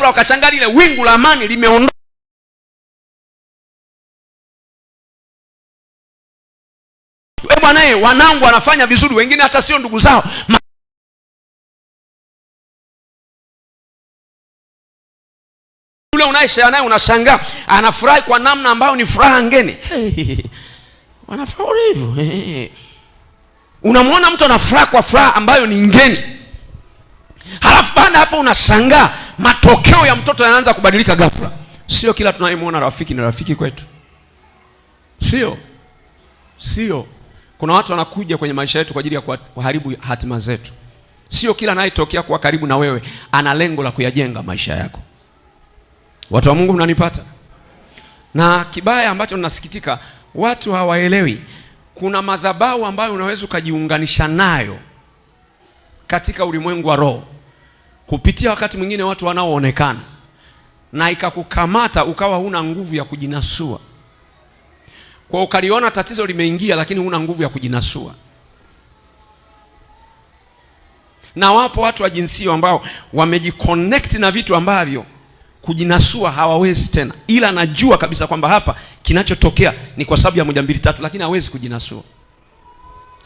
ghafla wakashanga lile wingu la amani limeondoka. bwanaye wanangu wanafanya vizuri, wengine hata sio ndugu zao unayeshare naye unashangaa anafurahi kwa namna ambayo ni furaha ngeni. wanafurahi hivyo. unamwona mtu anafuraha kwa furaha ambayo ni ngeni, halafu baada hapo unashangaa matokeo ya mtoto yanaanza kubadilika ghafla. Sio kila tunayemwona rafiki ni rafiki kwetu, sio sio. Kuna watu wanakuja kwenye maisha yetu kwa ajili ya kuharibu hatima zetu. Sio kila anayetokea kuwa karibu na wewe ana lengo la kuyajenga maisha yako. Watu wa Mungu, mnanipata? Na kibaya ambacho ninasikitika, watu hawaelewi kuna madhabahu ambayo unaweza ukajiunganisha nayo katika ulimwengu wa roho kupitia wakati mwingine watu wanaoonekana, na ikakukamata ukawa huna nguvu ya kujinasua, kwa ukaliona tatizo limeingia, lakini huna nguvu ya kujinasua. Na wapo watu wa jinsia ambao wamejiconnect na vitu ambavyo kujinasua hawawezi tena, ila anajua kabisa kwamba hapa kinachotokea ni kwa sababu ya moja mbili tatu, lakini hawezi kujinasua,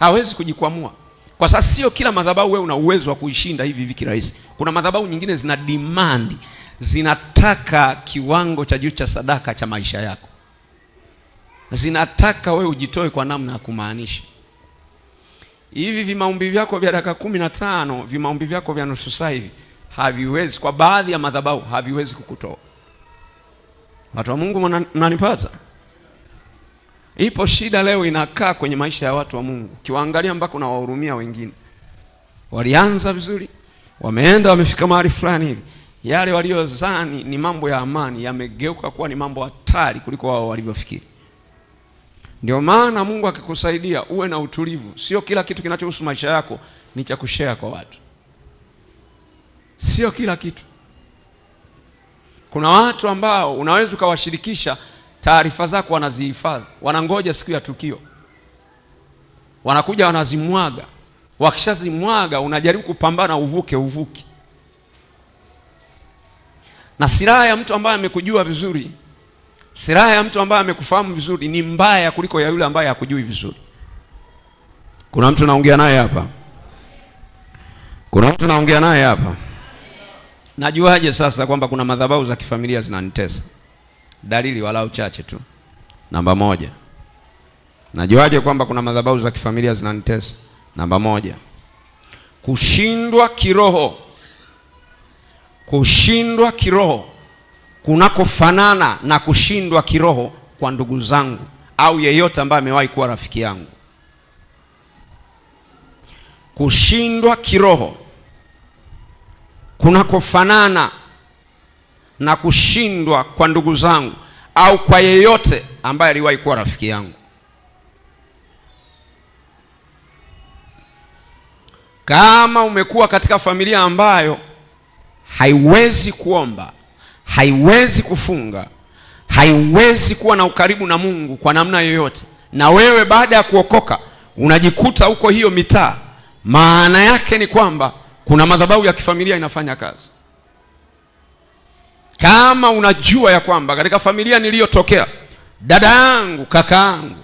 hawezi kujikwamua. Kwa sasa sio kila madhabahu wewe una uwezo wa kuishinda hivi hivi kirahisi. Kuna madhabahu nyingine zina demand, zinataka kiwango cha juu cha sadaka cha maisha yako, zinataka wewe ujitoe kwa namna ya kumaanisha. Hivi vimaombi vyako vya dakika kumi na tano, vimaombi vyako vya nusu saa hivi haviwezi, kwa baadhi ya madhabahu haviwezi kukutoa. Watu wa Mungu, nanipata? Ipo shida leo inakaa kwenye maisha ya watu wa Mungu, kiwaangalia mpaka unawahurumia wengine. Walianza vizuri, wameenda wamefika mahali fulani hivi, yale waliozani ni mambo ya amani yamegeuka kuwa ni mambo hatari kuliko wao walivyofikiri. Ndio maana Mungu akikusaidia uwe na utulivu, sio kila kitu kinachohusu maisha yako ni cha kushare kwa watu, sio kila kitu. Kuna watu ambao unaweza ukawashirikisha taarifa zako wanazihifadhi, wanangoja siku ya tukio, wanakuja wanazimwaga. Wakishazimwaga unajaribu kupambana uvuke, uvuke. Na silaha ya mtu ambaye amekujua vizuri, silaha ya mtu ambaye amekufahamu vizuri ni mbaya kuliko ya yule ambaye hakujui vizuri. Kuna mtu naongea naye hapa, kuna mtu naongea naye hapa. Najuaje sasa kwamba kuna madhabahu za kifamilia zinanitesa? dalili walau chache tu. Namba moja, najuaje kwamba kuna madhabahu za kifamilia zinanitesa? Namba moja, kushindwa kiroho, kushindwa kiroho kunakofanana na kushindwa kiroho kwa ndugu zangu au yeyote ambaye amewahi kuwa rafiki yangu. Kushindwa kiroho kunakofanana na kushindwa kwa ndugu zangu au kwa yeyote ambaye aliwahi kuwa rafiki yangu. Kama umekuwa katika familia ambayo haiwezi kuomba, haiwezi kufunga, haiwezi kuwa na ukaribu na Mungu kwa namna yoyote, na wewe baada ya kuokoka unajikuta huko hiyo mitaa, maana yake ni kwamba kuna madhabahu ya kifamilia inafanya kazi. Kama unajua ya kwamba katika familia niliyotokea dada yangu, kaka yangu,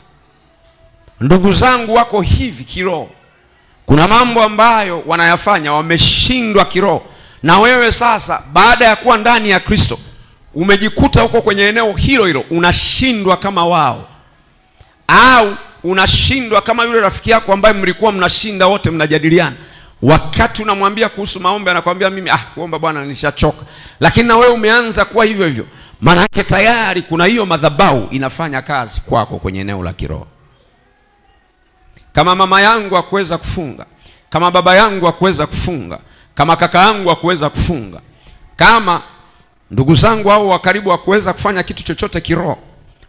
ndugu zangu wako hivi kiroho, kuna mambo ambayo wanayafanya wameshindwa kiroho, na wewe sasa, baada ya kuwa ndani ya Kristo, umejikuta huko kwenye eneo hilo hilo, unashindwa kama wao, au unashindwa kama yule rafiki yako ambaye mlikuwa mnashinda wote mnajadiliana Wakati unamwambia kuhusu maombi anakwambia mimi ah, kuomba bwana nishachoka. Lakini na wewe umeanza kuwa hivyo hivyo, maana yake tayari kuna hiyo madhabahu inafanya kazi kwako kwenye eneo la kiroho. Kama mama yangu hakuweza kufunga, kama baba yangu hakuweza kufunga, kama kaka yangu hakuweza kufunga, kama ndugu zangu au wa karibu hakuweza kufanya kitu chochote kiroho,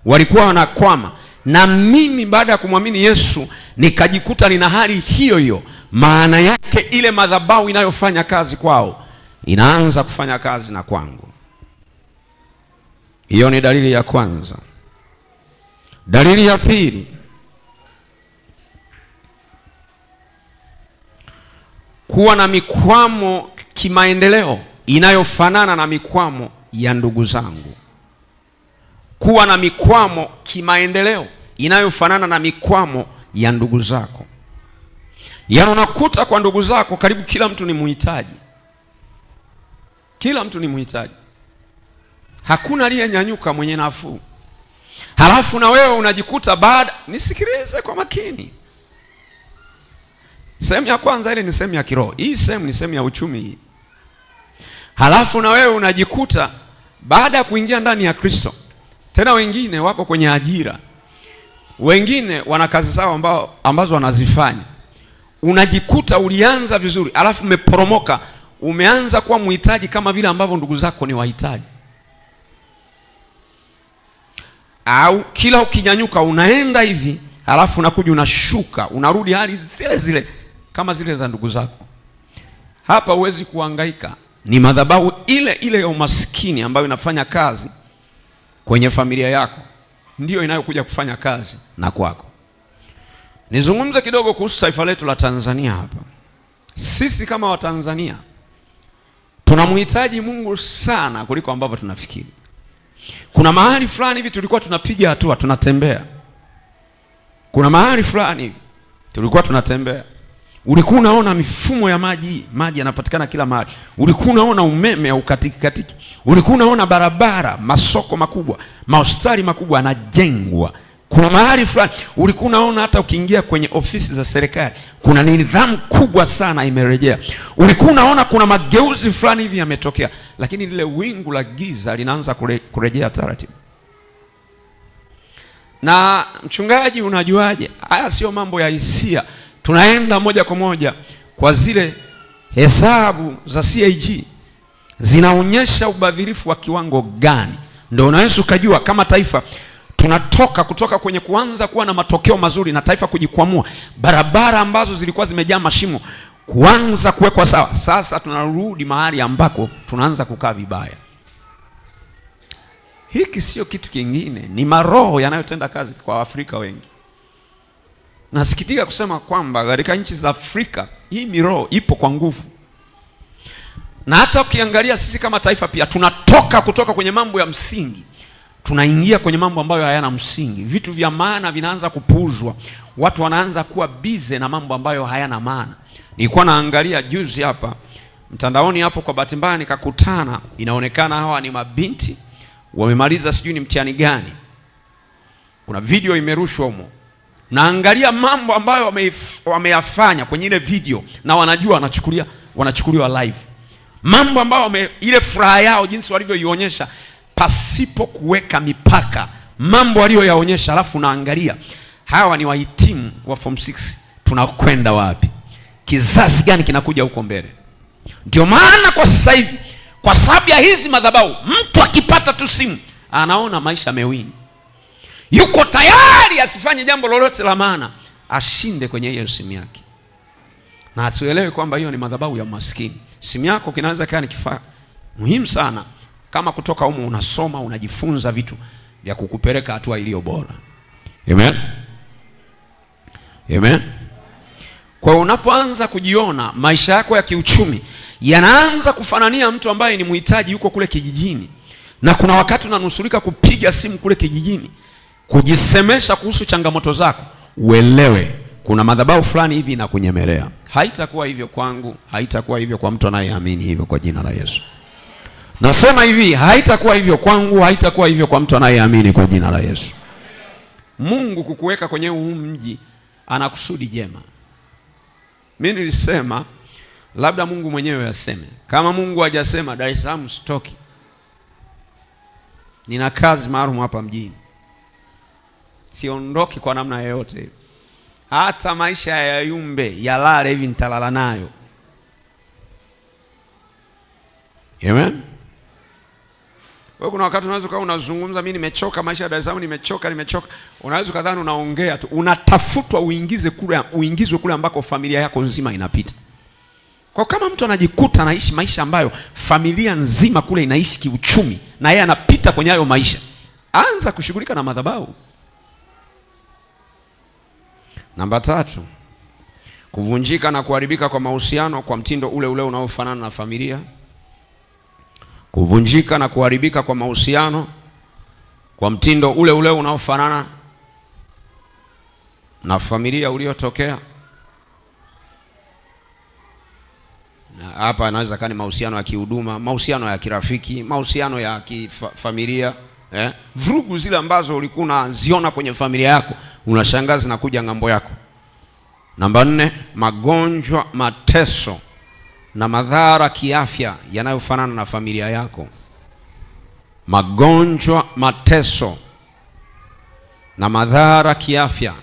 walikuwa wanakwama, na mimi baada ya kumwamini Yesu nikajikuta nina hali hiyo hiyo maana yake ile madhabahu inayofanya kazi kwao inaanza kufanya kazi na kwangu. Hiyo ni dalili ya kwanza. Dalili ya pili, kuwa na mikwamo kimaendeleo inayofanana na mikwamo ya ndugu zangu, kuwa na mikwamo kimaendeleo inayofanana na mikwamo ya ndugu zako. Yaani unakuta kwa ndugu zako karibu kila mtu ni muhitaji, kila mtu ni muhitaji, hakuna aliyenyanyuka mwenye nafuu. Halafu na wewe unajikuta baada, nisikilize kwa makini. Sehemu ya kwanza ile ni sehemu ya kiroho, hii sehemu ni sehemu ya uchumi hii. Halafu na wewe unajikuta baada ya kuingia ndani ya Kristo, tena wengine wako kwenye ajira, wengine wana kazi zao ambao ambazo wanazifanya unajikuta ulianza vizuri, alafu umeporomoka, umeanza kuwa mhitaji kama vile ambavyo ndugu zako ni wahitaji, au kila ukinyanyuka unaenda hivi, alafu unakuja unashuka, unarudi hali zile zile kama zile za ndugu zako. Hapa huwezi kuhangaika, ni madhabahu ile ile ya umaskini ambayo inafanya kazi kwenye familia yako, ndiyo inayokuja kufanya kazi na kwako. Nizungumze kidogo kuhusu taifa letu la Tanzania hapa. Sisi kama Watanzania tunamhitaji Mungu sana kuliko ambavyo tunafikiri. Kuna mahali fulani hivi tulikuwa tunapiga hatua, tunatembea. Kuna mahali fulani hivi tulikuwa tunatembea, ulikuwa unaona mifumo ya maji, maji yanapatikana kila mahali, ulikuwa unaona umeme katiki, ulikuwa unaona barabara, masoko makubwa, mahospitali makubwa yanajengwa kuna mahali fulani ulikuwa unaona hata ukiingia kwenye ofisi za serikali kuna nidhamu kubwa sana imerejea. Ulikuwa unaona kuna mageuzi fulani hivi yametokea, lakini lile wingu la giza linaanza kure, kurejea taratibu. Na mchungaji, unajuaje? Haya sio mambo ya hisia, tunaenda moja kwa moja kwa zile hesabu za CAG zinaonyesha ubadhirifu wa kiwango gani, ndio unaweza ukajua kama taifa tunatoka kutoka kwenye kuanza kuwa na matokeo mazuri na taifa kujikwamua, barabara ambazo zilikuwa zimejaa mashimo kuanza kuwekwa sawa. Sasa tunarudi mahali ambako tunaanza kukaa vibaya. Hiki sio kitu kingine, ni maroho yanayotenda kazi kwa Waafrika wengi. Nasikitika kusema kwamba katika nchi za Afrika hii miroho ipo kwa nguvu, na hata ukiangalia sisi kama taifa pia tunatoka kutoka kwenye mambo ya msingi tunaingia kwenye mambo ambayo hayana msingi. Vitu vya maana vinaanza kupuuzwa, watu wanaanza kuwa bize na mambo ambayo hayana maana. Nilikuwa naangalia juzi hapa mtandaoni hapo, kwa bahati mbaya nikakutana, inaonekana hawa ni mabinti wamemaliza sijui ni mtihani gani, kuna video imerushwa humo, naangalia mambo ambayo wameyafanya kwenye ile video, na wanajua wanachukulia wanachukuliwa live, mambo ambayo wame, ile furaha yao jinsi walivyoionyesha pasipo kuweka mipaka mambo aliyoyaonyesha, alafu unaangalia hawa ni wahitimu wa form 6 tunakwenda wapi? Kizazi gani kinakuja huko mbele? Ndio maana kwa sasa hivi, kwa sababu ya hizi madhabahu, mtu akipata tu simu anaona maisha mewini yuko tayari asifanye jambo lolote la maana, ashinde kwenye hiyo simu yake, na atuelewe kwamba hiyo ni madhabahu ya maskini. Simu yako kinaweza kaa ni kifaa muhimu sana kama kutoka humu unasoma unajifunza vitu vya kukupeleka hatua iliyo bora. Amen. Amen. Kwa unapoanza kujiona maisha yako ya kiuchumi yanaanza kufanania mtu ambaye ni mhitaji yuko kule kijijini, na kuna wakati unanusurika kupiga simu kule kijijini kujisemesha kuhusu changamoto zako, uelewe kuna madhabahu fulani hivi inakunyemelea. Haitakuwa hivyo kwangu, haitakuwa hivyo kwa mtu anayeamini hivyo kwa jina la Yesu. Nasema hivi, haitakuwa hivyo kwangu, haitakuwa hivyo kwa mtu anayeamini kwa jina la Yesu. Mungu kukuweka kwenye huu mji ana kusudi jema. Mimi nilisema labda Mungu mwenyewe aseme. Kama Mungu hajasema, Dar es Salaam sitoki, nina kazi maalum hapa mjini, siondoki kwa namna yoyote, hata maisha ya yumbe yalale hivi, nitalala nayo. Amen. Wewe kuna wakati unaweza ukawa unazungumza, mimi nimechoka maisha ya Dar es Salaam, nimechoka nimechoka. Unaweza ukadhani unaongea tu, unatafutwa uingize kule, uingizwe kule ambako familia yako nzima inapita. Kwa kama mtu anajikuta anaishi maisha ambayo familia nzima kule inaishi kiuchumi, na yeye anapita kwenye hayo maisha, anza kushughulika na madhabahu. Namba tatu, kuvunjika na kuharibika kwa mahusiano kwa mtindo ule ule unaofanana na familia kuvunjika na kuharibika kwa mahusiano kwa mtindo ule ule unaofanana na familia uliotokea Na hapa anaweza kani mahusiano ya kihuduma, mahusiano ya kirafiki, mahusiano ya kifamilia eh? Vurugu zile ambazo ulikuwa unaziona kwenye familia yako unashangaa zinakuja ng'ambo yako. Namba nne, magonjwa, mateso na madhara kiafya yanayofanana na familia yako, magonjwa, mateso na madhara kiafya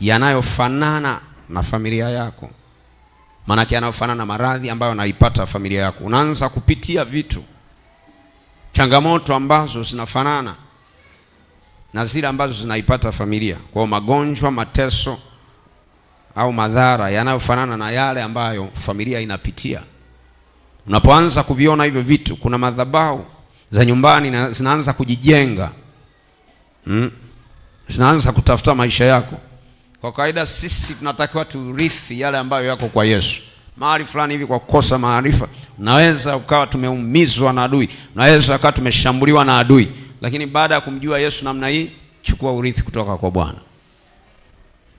yanayofanana na familia yako, maanake yanayofanana na maradhi ambayo anaipata familia yako. Unaanza kupitia vitu, changamoto ambazo zinafanana na zile ambazo zinaipata familia, kwa magonjwa, mateso au madhara yanayofanana na yale ambayo familia inapitia. Unapoanza kuviona hivyo vitu, kuna madhabahu za nyumbani na zinaanza kujijenga hmm, zinaanza kutafuta maisha yako. Kwa kawaida sisi tunatakiwa turithi yale ambayo yako kwa Yesu. Mahali fulani hivi kwa kukosa maarifa, naweza ukawa tumeumizwa na adui, naweza ukawa tumeshambuliwa na adui, lakini baada ya kumjua Yesu namna hii, chukua urithi kutoka kwa Bwana.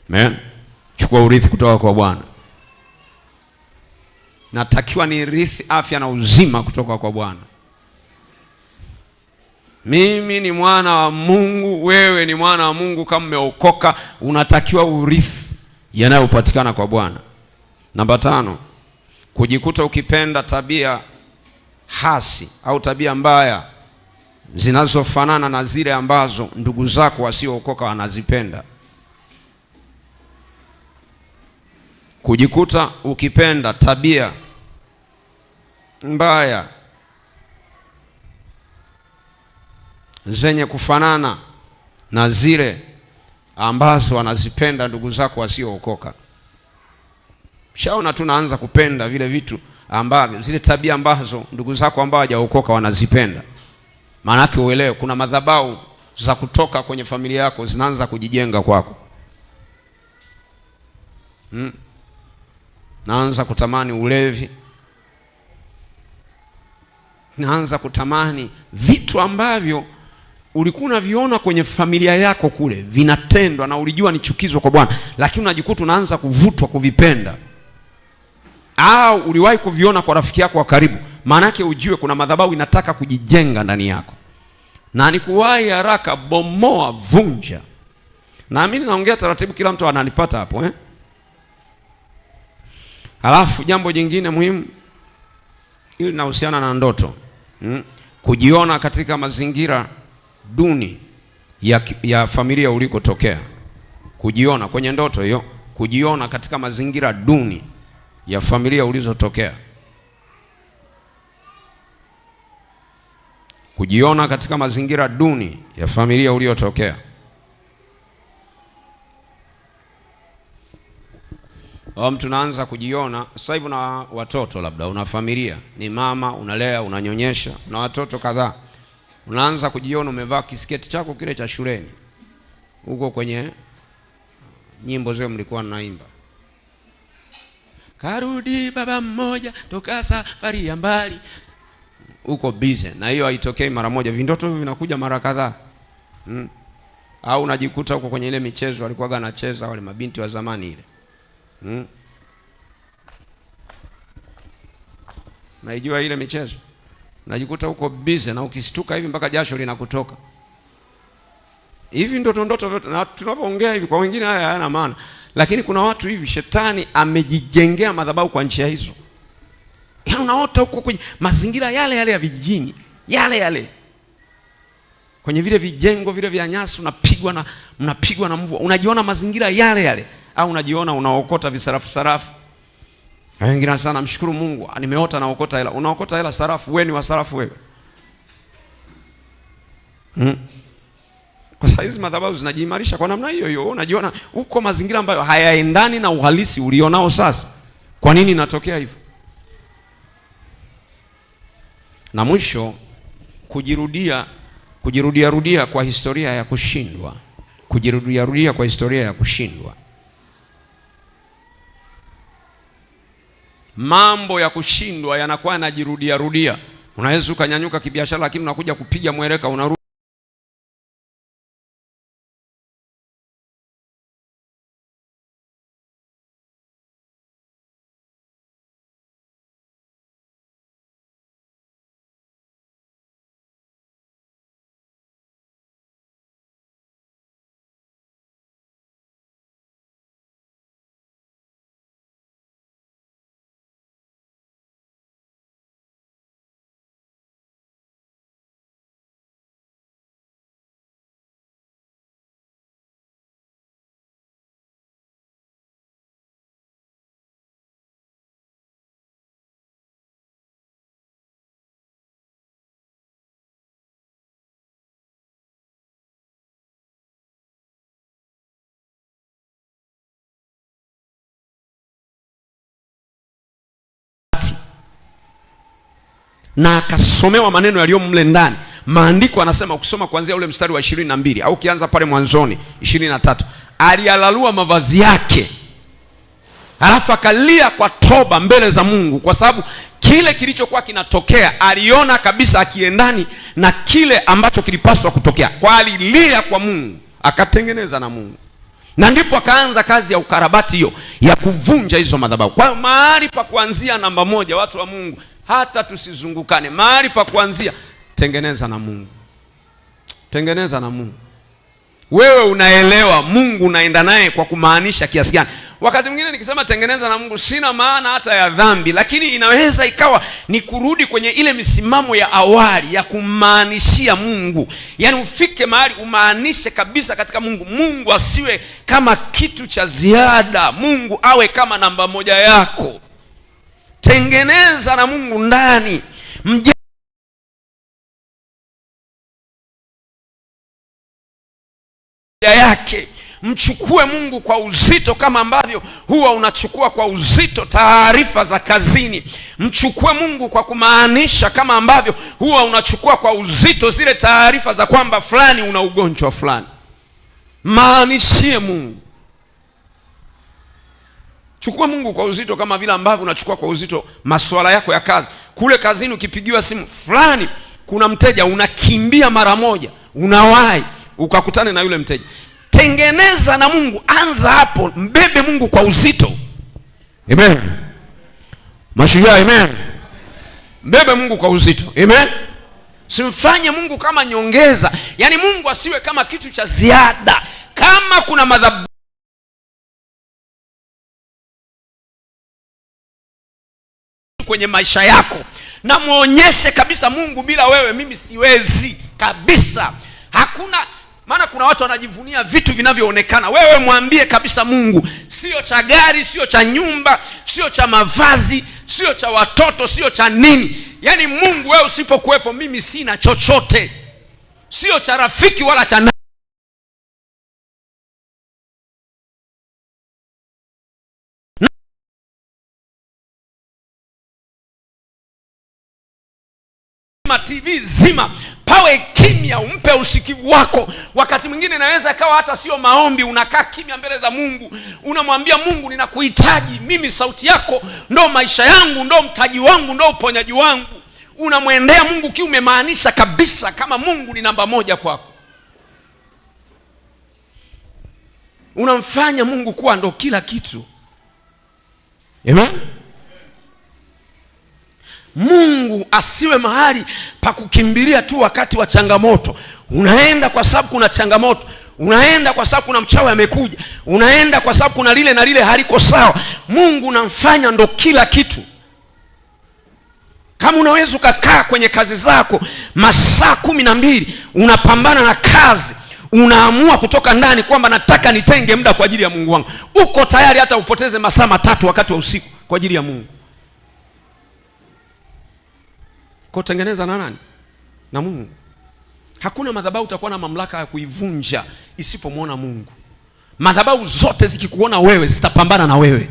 Amen chukua urithi kutoka kwa Bwana. Natakiwa ni rithi afya na uzima kutoka kwa Bwana. Mimi ni mwana wa Mungu, wewe ni mwana wa Mungu. Kama umeokoka, unatakiwa urithi yanayopatikana kwa Bwana. Namba tano, kujikuta ukipenda tabia hasi au tabia mbaya zinazofanana na zile ambazo ndugu zako wasiookoka wanazipenda. kujikuta ukipenda tabia mbaya zenye kufanana na zile ambazo wanazipenda ndugu zako wasiookoka. Shaona, tu naanza kupenda vile vitu ambavyo zile tabia ambazo ndugu zako ambao hawajaokoka wanazipenda. Maanake uelewe, kuna madhabahu za kutoka kwenye familia yako zinaanza kujijenga kwako, hmm naanza kutamani ulevi, naanza kutamani vitu ambavyo ulikuwa unaviona kwenye familia yako kule vinatendwa na ulijua ni chukizo kwa Bwana, lakini unajikuta unaanza kuvutwa kuvipenda. Au uliwahi kuviona kwa rafiki yako wa karibu, maanake ujue kuna madhabahu inataka kujijenga ndani yako, na nikuwahi haraka, bomoa, vunja. Naamini naongea taratibu, kila mtu ananipata hapo eh? Alafu jambo jingine muhimu, ili linahusiana na ndoto hmm, kujiona katika mazingira duni ya, ya familia ulikotokea, kujiona kwenye ndoto hiyo, kujiona katika mazingira duni ya familia ulizotokea, kujiona katika mazingira duni ya familia uliotokea mtu tunaanza kujiona sasa hivi. Una watoto labda, una familia, ni mama, unalea, unanyonyesha, una watoto kadhaa, unaanza kujiona umevaa kisketi chako kile cha shuleni huko kwenye nyimbo zile mlikuwa mnaimba, karudi baba mmoja toka safari ya mbali, uko bize na hiyo. Haitokei mara moja, vindoto hivyo vinakuja mara kadhaa hmm. Au unajikuta huko kwenye ile michezo alikuwaga anacheza wale mabinti wa zamani ile Hmm? Naijua ile michezo, najikuta huko bize na ukistuka hivi mpaka jasho linakutoka hivi. Ndoto ndoto vyote na tunavyoongea hivi, kwa wengine haya hayana maana, lakini kuna watu hivi shetani amejijengea madhabahu kwa njia hizo. Yaani unaota huko kwenye mazingira yale yale ya vijijini yale yale kwenye vile vijengo vile vya nyasi, unapigwa na mnapigwa na mvua, unajiona mazingira yale yale au unajiona unaokota visarafu sarafu. Wengine sana, namshukuru Mungu ah, nimeota naokota hela. Unaokota hela sarafu, wewe ni wa sarafu wewe hmm. Kwa saa hizi madhabahu zinajiimarisha kwa namna hiyo hiyo, unajiona huko mazingira ambayo hayaendani na uhalisi ulionao sasa. Kwa nini inatokea hivyo? Na mwisho kujirudia, kujirudia rudia kwa historia ya kushindwa, kujirudia rudia kwa historia ya kushindwa. mambo ya kushindwa yanakuwa yanajirudia rudia. Unaweza ukanyanyuka kibiashara, lakini unakuja kupiga mweleka unarudi na akasomewa maneno yaliyo mle ndani. Maandiko anasema ukisoma kuanzia ule mstari wa ishirini na mbili au ukianza pale mwanzoni ishirini na tatu alialalua mavazi yake, halafu akalia kwa toba mbele za Mungu, kwa sababu kile kilichokuwa kinatokea aliona kabisa akiendani na kile ambacho kilipaswa kutokea, kwa alilia kwa Mungu akatengeneza na Mungu na ndipo akaanza kazi ya ukarabati hiyo ya kuvunja hizo madhabahu. Kwa hiyo mahali pa kuanzia namba moja, watu wa Mungu, hata tusizungukane. Mahali pa kuanzia, tengeneza na Mungu, tengeneza na Mungu. Wewe unaelewa Mungu unaenda naye kwa kumaanisha kiasi gani? Wakati mwingine nikisema tengeneza na Mungu sina maana hata ya dhambi, lakini inaweza ikawa ni kurudi kwenye ile misimamo ya awali ya kummaanishia Mungu, yaani ufike mahali umaanishe kabisa katika Mungu. Mungu asiwe kama kitu cha ziada, Mungu awe kama namba moja yako tengeneza na Mungu ndani mje yake mchukue Mungu kwa uzito kama ambavyo huwa unachukua kwa uzito taarifa za kazini. Mchukue Mungu kwa kumaanisha kama ambavyo huwa unachukua kwa uzito zile taarifa za kwamba fulani una ugonjwa fulani. Maanishie Mungu. Chukua Mungu kwa uzito kama vile ambavyo unachukua kwa uzito masuala yako ya kazi. Kule kazini ukipigiwa simu fulani, kuna mteja, unakimbia mara moja, unawahi ukakutane na yule mteja. Tengeneza na Mungu, anza hapo, mbebe Mungu kwa uzito. Amen, mashujaa. Amen, mbebe Mungu kwa uzito. Amen, simfanye Mungu kama nyongeza, yaani Mungu asiwe kama kitu cha ziada. Kama kuna madhabahu kwenye maisha yako, na mwonyeshe kabisa, Mungu bila wewe mimi siwezi kabisa, hakuna maana kuna watu wanajivunia vitu vinavyoonekana. Wewe mwambie kabisa Mungu, sio cha gari, sio cha nyumba, sio cha mavazi, sio cha watoto, sio cha nini. Yaani Mungu, wewe usipokuwepo mimi sina chochote, sio cha rafiki wala cha TV zima pawe kimya, umpe usikivu wako. Wakati mwingine inaweza ikawa hata sio maombi, unakaa kimya mbele za Mungu, unamwambia Mungu, ninakuhitaji mimi, sauti yako ndo maisha yangu, ndo mtaji wangu, ndo uponyaji wangu. Unamwendea Mungu kiu, umemaanisha kabisa kama Mungu ni namba moja kwako, unamfanya Mungu kuwa ndo kila kitu. Amen. Mungu asiwe mahali pa kukimbilia tu wakati wa changamoto. Unaenda kwa sababu kuna changamoto, unaenda kwa sababu kuna mchawi amekuja, unaenda kwa sababu kuna lile na lile haliko sawa. Mungu unamfanya ndo kila kitu. Kama unaweza ukakaa kwenye kazi zako masaa kumi na mbili unapambana na kazi, unaamua kutoka ndani kwamba nataka nitenge muda kwa ajili ya Mungu wangu, uko tayari hata upoteze masaa matatu wakati wa usiku kwa ajili ya Mungu. kutengeneza na nani? Na Mungu. Hakuna madhabahu utakuwa na mamlaka ya kuivunja isipomwona Mungu. Madhabahu zote zikikuona wewe zitapambana na wewe.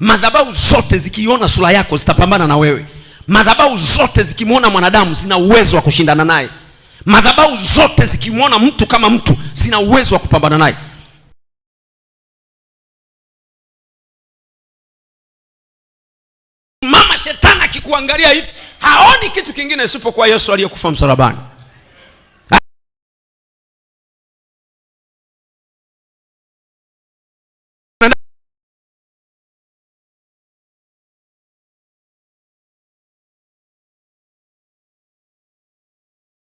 Madhabahu zote zikiona sura yako zitapambana na wewe. Madhabahu zote zikimwona mwanadamu zina uwezo wa kushindana naye. Madhabahu zote zikimwona mtu kama mtu zina uwezo wa kupambana naye. Mama shetani akikuangalia hivi haoni kitu kingine isipokuwa Yesu aliyekufa msalabani.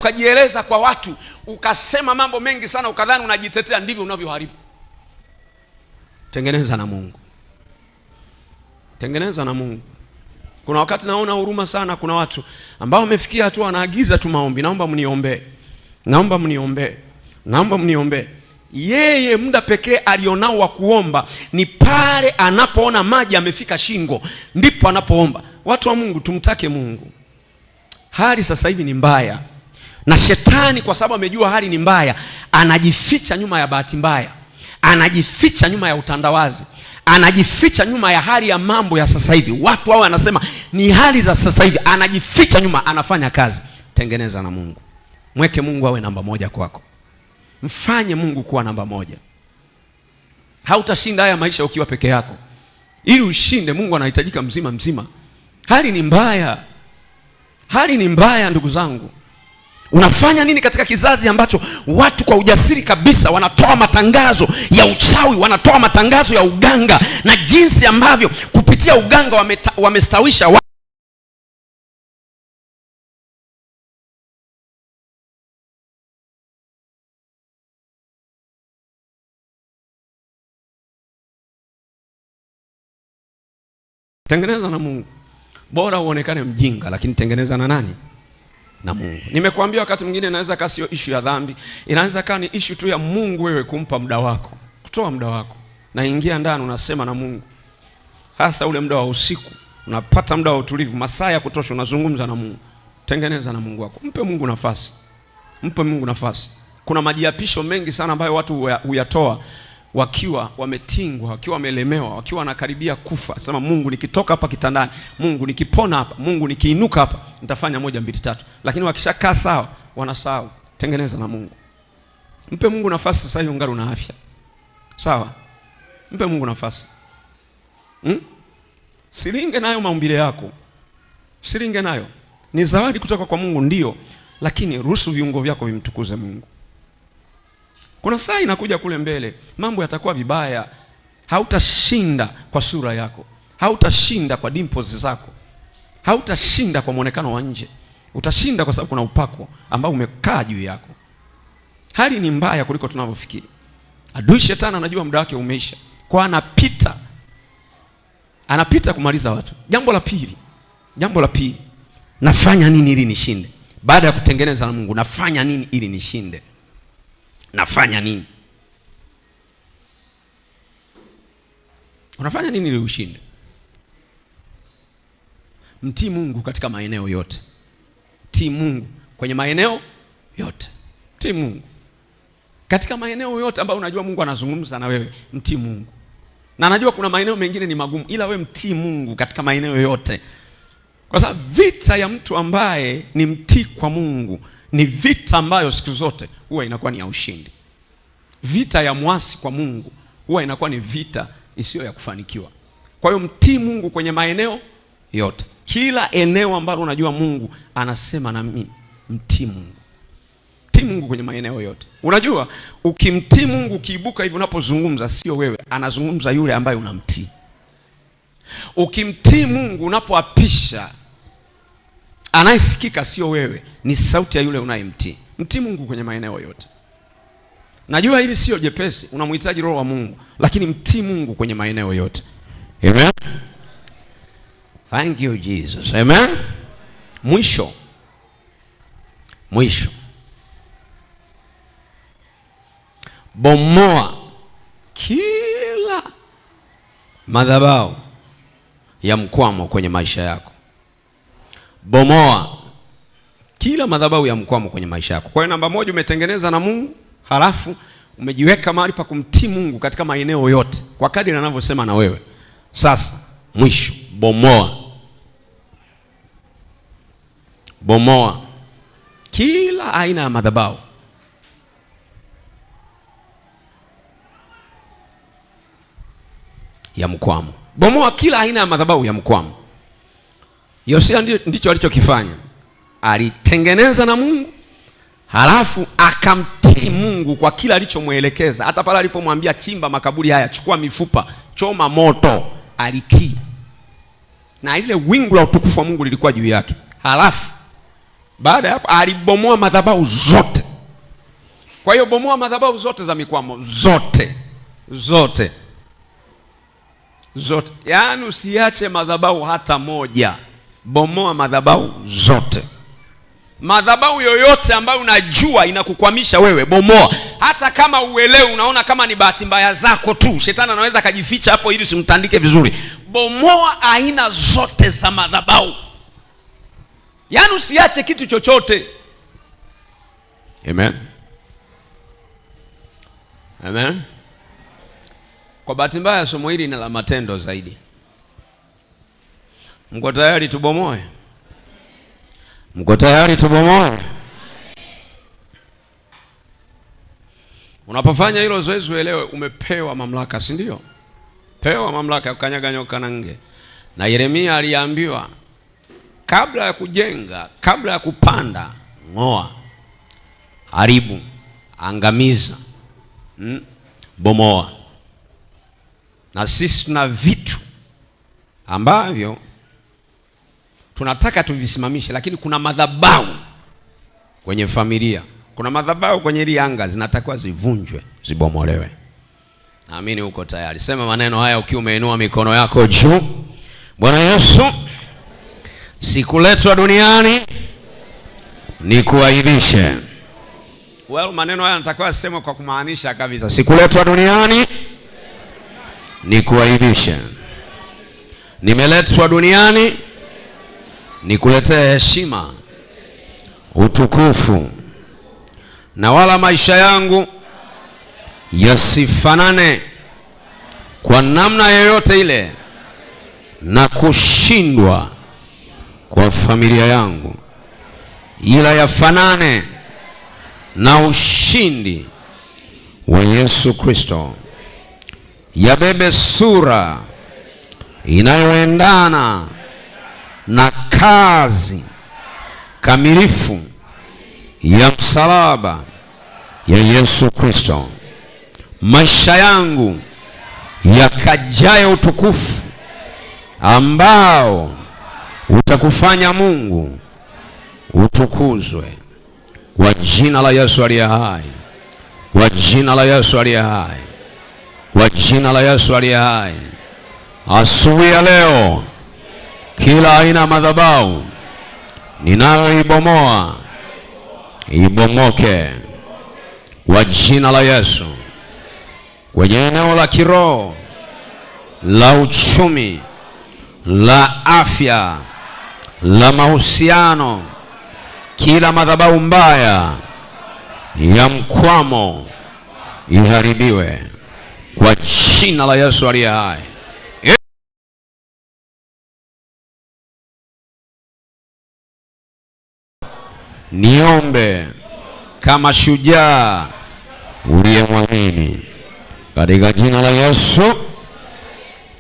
Ukajieleza kwa watu, ukasema mambo mengi sana, ukadhani unajitetea. Ndivyo unavyoharibu. Tengeneza na Mungu, tengeneza na Mungu. Kuna wakati naona huruma sana, kuna watu ambao wamefikia hatua wanaagiza tu maombi, naomba mniombee, naomba mniombee, naomba mniombee. Yeye muda pekee alionao wa kuomba ni pale anapoona maji amefika shingo, ndipo anapoomba. Watu wa Mungu, tumtake Mungu. Hali sasa hivi ni mbaya, na shetani kwa sababu amejua hali ni mbaya, anajificha nyuma ya bahati mbaya, anajificha nyuma ya utandawazi anajificha nyuma ya hali ya mambo ya sasa hivi. Watu hao anasema ni hali za sasa hivi, anajificha nyuma, anafanya kazi. Tengeneza na Mungu, mweke Mungu awe namba moja kwako, mfanye Mungu kuwa namba moja. Hautashinda haya maisha ukiwa peke yako. Ili ushinde, Mungu anahitajika mzima mzima. Hali ni mbaya, hali ni mbaya ndugu zangu. Unafanya nini katika kizazi ambacho watu kwa ujasiri kabisa wanatoa matangazo ya uchawi, wanatoa matangazo ya uganga na jinsi ambavyo kupitia uganga wamestawisha watu. Tengeneza na Mungu. Bora uonekane mjinga lakini tengeneza na nani? na Mungu. Nimekuambia wakati mwingine inaweza kaa sio ishu ya dhambi, inaweza kaa ni ishu tu ya Mungu wewe kumpa muda wako, kutoa muda wako, na ingia ndani unasema na Mungu, hasa ule muda wa usiku, unapata muda wa utulivu, masaa ya kutosha, unazungumza na Mungu, tengeneza na Mungu wako, mpe Mungu nafasi, mpe Mungu nafasi. Kuna majiapisho mengi sana ambayo watu huyatoa wakiwa wametingwa, wakiwa wamelemewa, wakiwa wanakaribia kufa, sema Mungu, nikitoka hapa kitandani, Mungu nikipona hapa, Mungu nikiinuka hapa, nitafanya moja mbili tatu. Lakini wakishakaa sawa, wanasahau. Tengeneza na Mungu, mpe Mungu nafasi. Sasa hiyo ngari una afya sawa, mpe Mungu nafasi hmm? Silinge nayo maumbile yako, silinge nayo, ni zawadi kutoka kwa Mungu, ndio lakini ruhusu viungo vyako vimtukuze Mungu. Kuna saa inakuja kule mbele, mambo yatakuwa vibaya. Hautashinda kwa sura yako, hautashinda kwa dimples zako, hautashinda kwa mwonekano wa nje. Utashinda kwa sababu kuna upako ambao umekaa juu yako. Hali ni mbaya kuliko tunavyofikiri. Adui shetani anajua muda wake umeisha, kwa anapita, anapita kumaliza watu. Jambo la pili, jambo la pili, nafanya nini ili nishinde? Baada ya kutengeneza na Mungu, nafanya nini ili nishinde? nafanya nini? Unafanya nini ili ushinde? Mtii Mungu katika maeneo yote. Mtii Mungu kwenye maeneo yote. Mtii Mungu katika maeneo yote ambayo unajua Mungu anazungumza na wewe, mtii Mungu. Na najua kuna maeneo mengine ni magumu, ila we mtii Mungu katika maeneo yote, kwa sababu vita ya mtu ambaye ni mtii kwa Mungu ni vita ambayo siku zote huwa inakuwa ni ya ushindi. Vita ya mwasi kwa Mungu huwa inakuwa ni vita isiyo ya kufanikiwa. Kwa hiyo mtii Mungu kwenye maeneo yote, kila eneo ambalo unajua Mungu anasema na mimi, mtii Mungu, mtii Mungu kwenye maeneo yote. Unajua ukimtii Mungu, ukiibuka hivi unapozungumza, sio wewe, anazungumza yule ambaye unamtii. Ukimtii Mungu unapoapisha Anayesikika sio wewe, ni sauti ya yule unayemtii. Mtii Mungu kwenye maeneo yote. Najua hili sio jepesi, unamhitaji roho wa Mungu, lakini mtii Mungu kwenye maeneo yote. Amen. Thank you Jesus. Amen. Mwisho, mwisho, bomoa kila madhabahu ya mkwamo kwenye maisha yako bomoa kila madhabahu ya mkwamo kwenye maisha yako. Kwa hiyo namba moja, umetengeneza na Mungu, halafu umejiweka mahali pa kumtii Mungu katika maeneo yote kwa kadiri anavyosema na wewe. Sasa mwisho, bomoa bomoa kila aina ya madhabahu. ya mkwamo. Bomoa kila aina ya madhabahu ya mkwamo. Yosia ndicho alichokifanya, alitengeneza na Mungu halafu akamtii Mungu kwa kila alichomwelekeza, hata pale alipomwambia chimba makaburi haya, chukua mifupa, choma moto, alitii, na ile wingu la utukufu wa Mungu lilikuwa juu yake. Halafu baada ya hapo alibomoa madhabahu zote. Kwa hiyo bomoa madhabahu zote za mikwamo zote zote zote, yaani usiache madhabahu hata moja bomoa madhabahu zote. Madhabahu yoyote ambayo unajua inakukwamisha wewe, bomoa. Hata kama uelewe unaona kama ni bahati mbaya zako tu, shetani anaweza akajificha hapo ili simtandike vizuri. Bomoa aina zote za madhabahu, yaani usiache kitu chochote. Amen. Amen. Kwa bahati mbaya somo hili ni la matendo zaidi. Mko tayari tubomoe? Mko tayari tubomoe? Unapofanya hilo zoezi uelewe umepewa mamlaka, si ndio? Pewa mamlaka ya kukanyaga nyoka na nge. Na Yeremia aliambiwa kabla ya kujenga, kabla ya kupanda, ng'oa, haribu, angamiza, mm, bomoa. Na sisi tuna vitu ambavyo tunataka tuvisimamishe, lakini kuna madhabahu kwenye familia, kuna madhabahu kwenye ile anga zinatakiwa zivunjwe, zibomolewe. Naamini uko tayari, sema maneno haya ukiwa umeinua mikono yako juu. Bwana Yesu, sikuletwa duniani nikuaibishe. Well, maneno haya natakiwa sema kwa kumaanisha kabisa, sikuletwa duniani nikuaibishe, nimeletwa duniani nikuletee heshima, utukufu na wala maisha yangu yasifanane kwa namna yoyote ile na kushindwa kwa familia yangu, ila yafanane na ushindi wa Yesu Kristo, yabebe sura inayoendana na kazi kamilifu ya msalaba ya Yesu Kristo, maisha yangu yakajaye utukufu ambao utakufanya Mungu utukuzwe kwa jina la Yesu aliye hai, kwa jina la Yesu aliye hai, kwa jina la Yesu aliye hai. Asubuhi ya leo kila aina madhabahu ninayoibomoa ibomoke kwa jina la Yesu. Kwenye eneo la kiroho, la uchumi, la afya, la mahusiano, kila madhabahu mbaya ya mkwamo iharibiwe kwa jina la Yesu aliye hai. niombe kama shujaa uliyemwamini katika jina la Yesu.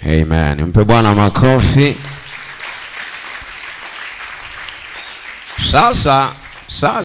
Amen. Mpe Bwana makofi. Sasa sasa